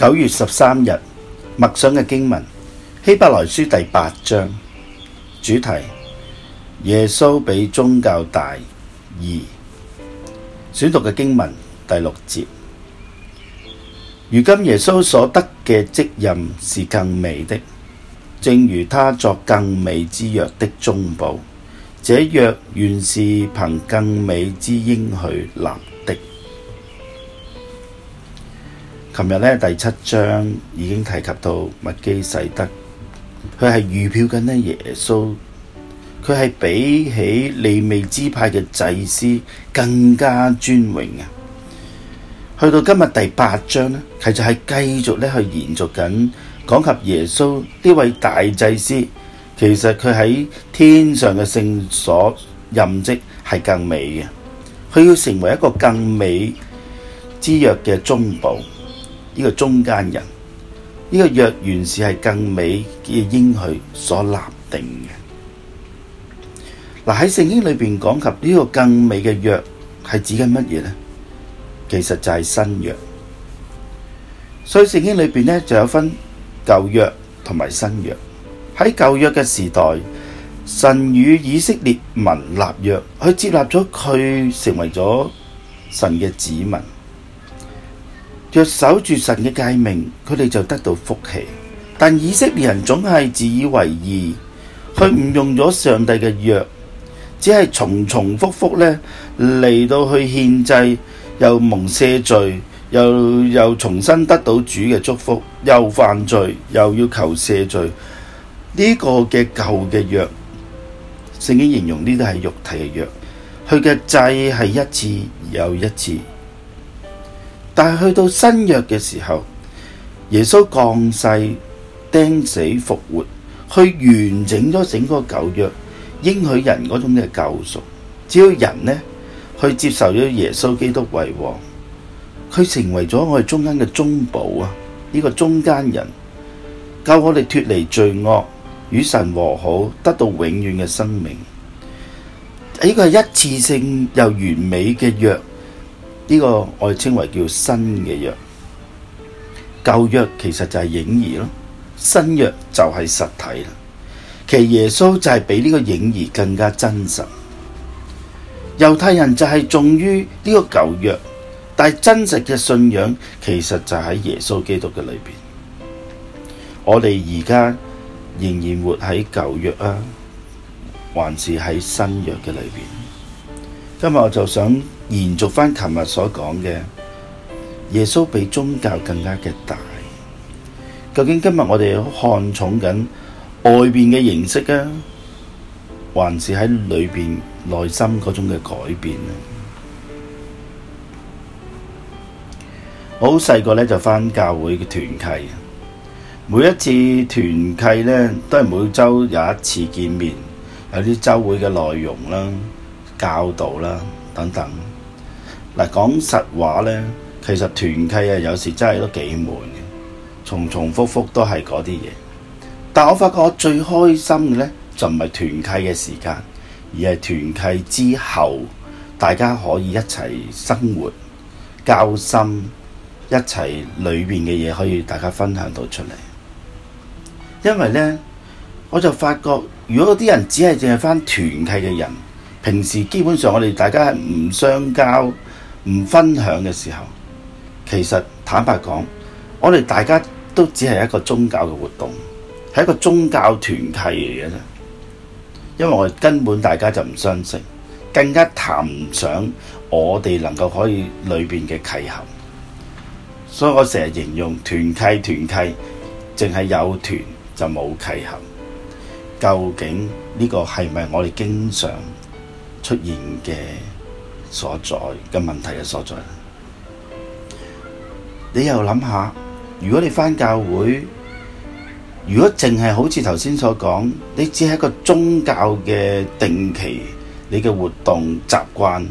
九月十三日默想嘅經文《希伯來書》第八章，主題耶穌比宗教大二。選讀嘅經文第六節：如今耶穌所得嘅職任是更美的，正如他作更美之約的中保，這約原是憑更美之應許立。琴日咧，第七章已經提及到麥基洗德，佢係預表緊咧耶穌，佢係比起利未支派嘅祭司，更加尊榮啊。去到今日第八章咧，其實係繼續咧去延續緊講及耶穌呢位大祭司，其實佢喺天上嘅聖所任職係更美嘅，佢要成為一個更美之約嘅中保。呢個中間人，呢個約原是係更美嘅應許所立定嘅。嗱，喺聖經裏邊講及呢個更美嘅約係指緊乜嘢咧？其實就係新約。所以聖經裏邊咧就有分舊約同埋新約。喺舊約嘅時代，神與以色列民立約，去接納咗佢成為咗神嘅子民。若守住神嘅誡命，佢哋就得到福氣。但以色列人總係自以為義，佢唔用咗上帝嘅約，只係重重複複咧嚟到去獻祭，又蒙赦罪，又又重新得到主嘅祝福，又犯罪，又要求赦罪。呢、這個嘅舊嘅約聖經形容呢啲係肉體嘅約，佢嘅祭係一次又一次。但係去到新約嘅時候，耶穌降世釘死復活，去完整咗整個舊約應許人嗰種嘅救贖。只要人呢去接受咗耶穌基督為王，佢成為咗我哋中間嘅中保啊！呢個中間人救我哋脫離罪惡，與神和好，得到永遠嘅生命。呢個係一次性又完美嘅約。呢個我哋稱為叫新嘅約，舊約其實就係影兒咯，新約就係實體啦。其實耶穌就係比呢個影兒更加真實。猶太人就係重於呢個舊約，但係真實嘅信仰其實就喺耶穌基督嘅裏邊。我哋而家仍然活喺舊約啊，還是喺新約嘅裏邊？今日我就想延續翻琴日所講嘅，耶穌比宗教更加嘅大。究竟今日我哋看重緊外面嘅形式啊，還是喺裏面內心嗰種嘅改變？我好細個咧就翻教會嘅團契，每一次團契呢，都係每周有一次見面，有啲周會嘅內容啦。教導啦，等等嗱。講實話咧，其實團契啊，有時真係都幾悶嘅，重重複復都係嗰啲嘢。但我發覺我最開心嘅呢，就唔係團契嘅時間，而係團契之後大家可以一齊生活、交心，一齊裏面嘅嘢可以大家分享到出嚟。因為呢，我就發覺，如果啲人只係淨係返團契嘅人。平時基本上，我哋大家係唔相交、唔分享嘅時候，其實坦白講，我哋大家都只係一個宗教嘅活動，係一個宗教團契嚟嘅。因為我哋根本大家就唔相識，更加談唔上我哋能夠可以裏邊嘅契合。所以我成日形容團契、團契，淨係有團就冇契合。究竟呢個係咪我哋經常出現嘅所在嘅問題嘅所在，你又諗下，如果你返教會，如果淨係好似頭先所講，你只係一個宗教嘅定期你嘅活動習慣，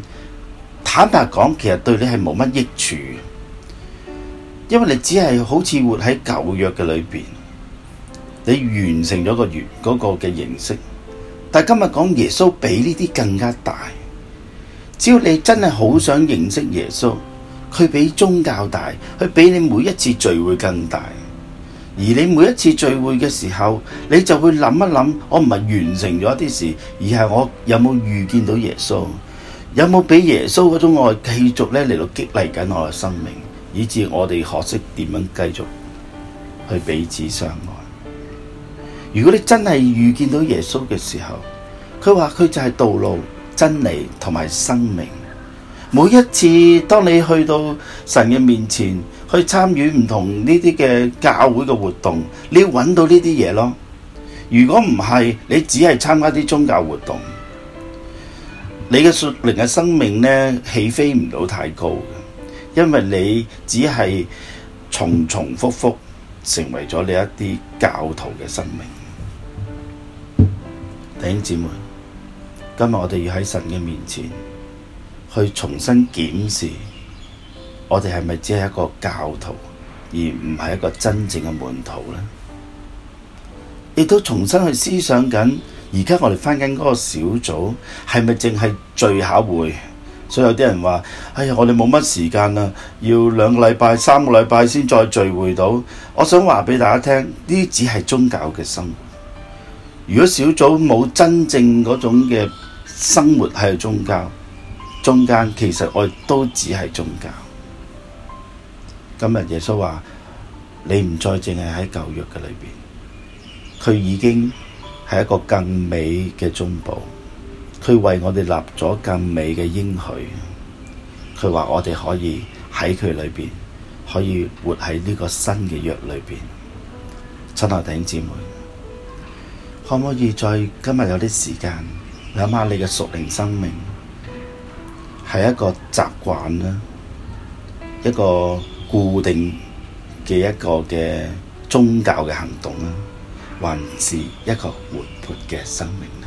坦白講，其實對你係冇乜益處，因為你只係好似活喺舊約嘅裏邊，你完成咗個原嗰個嘅形式。但今日講耶穌比呢啲更加大，只要你真係好想認識耶穌，佢比宗教大，佢比你每一次聚會更大。而你每一次聚會嘅時候，你就會諗一諗，我唔係完成咗一啲事，而係我有冇遇見到耶穌，有冇俾耶穌種愛繼續咧嚟到激勵緊我嘅生命，以致我哋學識點樣繼續去彼此相愛。如果你真係遇見到耶穌嘅時候，佢話佢就係道路、真理同埋生命。每一次當你去到神嘅面前，去參與唔同呢啲嘅教會嘅活動，你要揾到呢啲嘢咯。如果唔係，你只係參加啲宗教活動，你嘅屬靈嘅生命呢，起飛唔到太高，因為你只係重重複複成為咗你一啲教徒嘅生命。弟兄姊妹，今日我哋要喺神嘅面前去重新檢視，我哋係咪只係一個教徒，而唔係一個真正嘅門徒呢？亦都重新去思想緊，而家我哋翻緊嗰個小組，係咪淨係聚下會？所以有啲人話，哎呀，我哋冇乜時間啊，要兩個禮拜、三個禮拜先再聚會到。我想話俾大家聽，呢只係宗教嘅生活。如果小組冇真正嗰種嘅生活喺宗教中間，其實我哋都只係宗教。今日耶穌話：你唔再淨係喺舊約嘅裏邊，佢已經係一個更美嘅中保，佢為我哋立咗更美嘅應許。佢話我哋可以喺佢裏邊，可以活喺呢個新嘅約裏邊。親愛弟兄姊妹。可唔可以再今日有啲時間，諗下你嘅屬靈生命係一個習慣啦，一個固定嘅一個嘅宗教嘅行動啦，還是一個活潑嘅生命？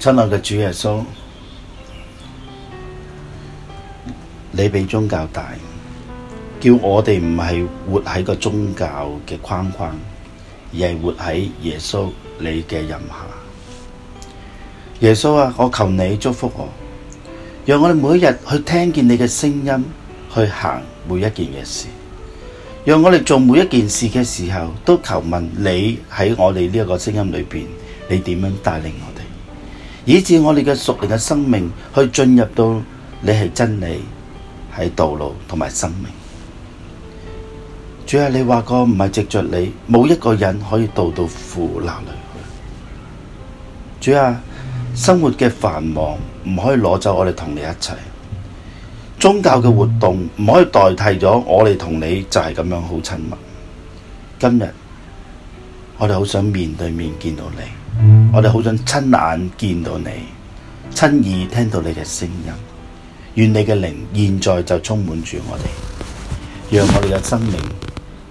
親愛的主耶穌，你比宗教大，叫我哋唔係活喺個宗教嘅框框，而係活喺耶穌你嘅任下。耶穌啊，我求你祝福我，讓我哋每一日去聽見你嘅聲音，去行每一件嘅事。讓我哋做每一件事嘅時候，都求問你喺我哋呢一個聲音裏邊，你點樣帶領我們？以致我哋嘅熟練嘅生命去進入到你係真理，係道路同埋生命。主啊，你話過唔係藉着你，冇一個人可以到到父那裏去。主啊，生活嘅繁忙唔可以攞走我哋同你一齊。宗教嘅活動唔可以代替咗我哋同你就係咁樣好親密。今日我哋好想面對面見到你。我哋好想親眼見到你，親耳聽到你嘅聲音。願你嘅靈現在就充滿住我哋，讓我哋嘅生命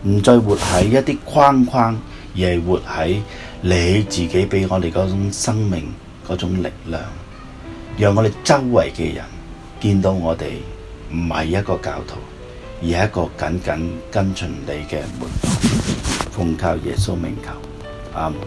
唔再活喺一啲框框，而係活喺你自己俾我哋嗰種生命嗰種力量。讓我哋周圍嘅人見到我哋唔係一個教徒，而係一個緊緊跟隨你嘅門徒。奉靠耶穌名求，阿門。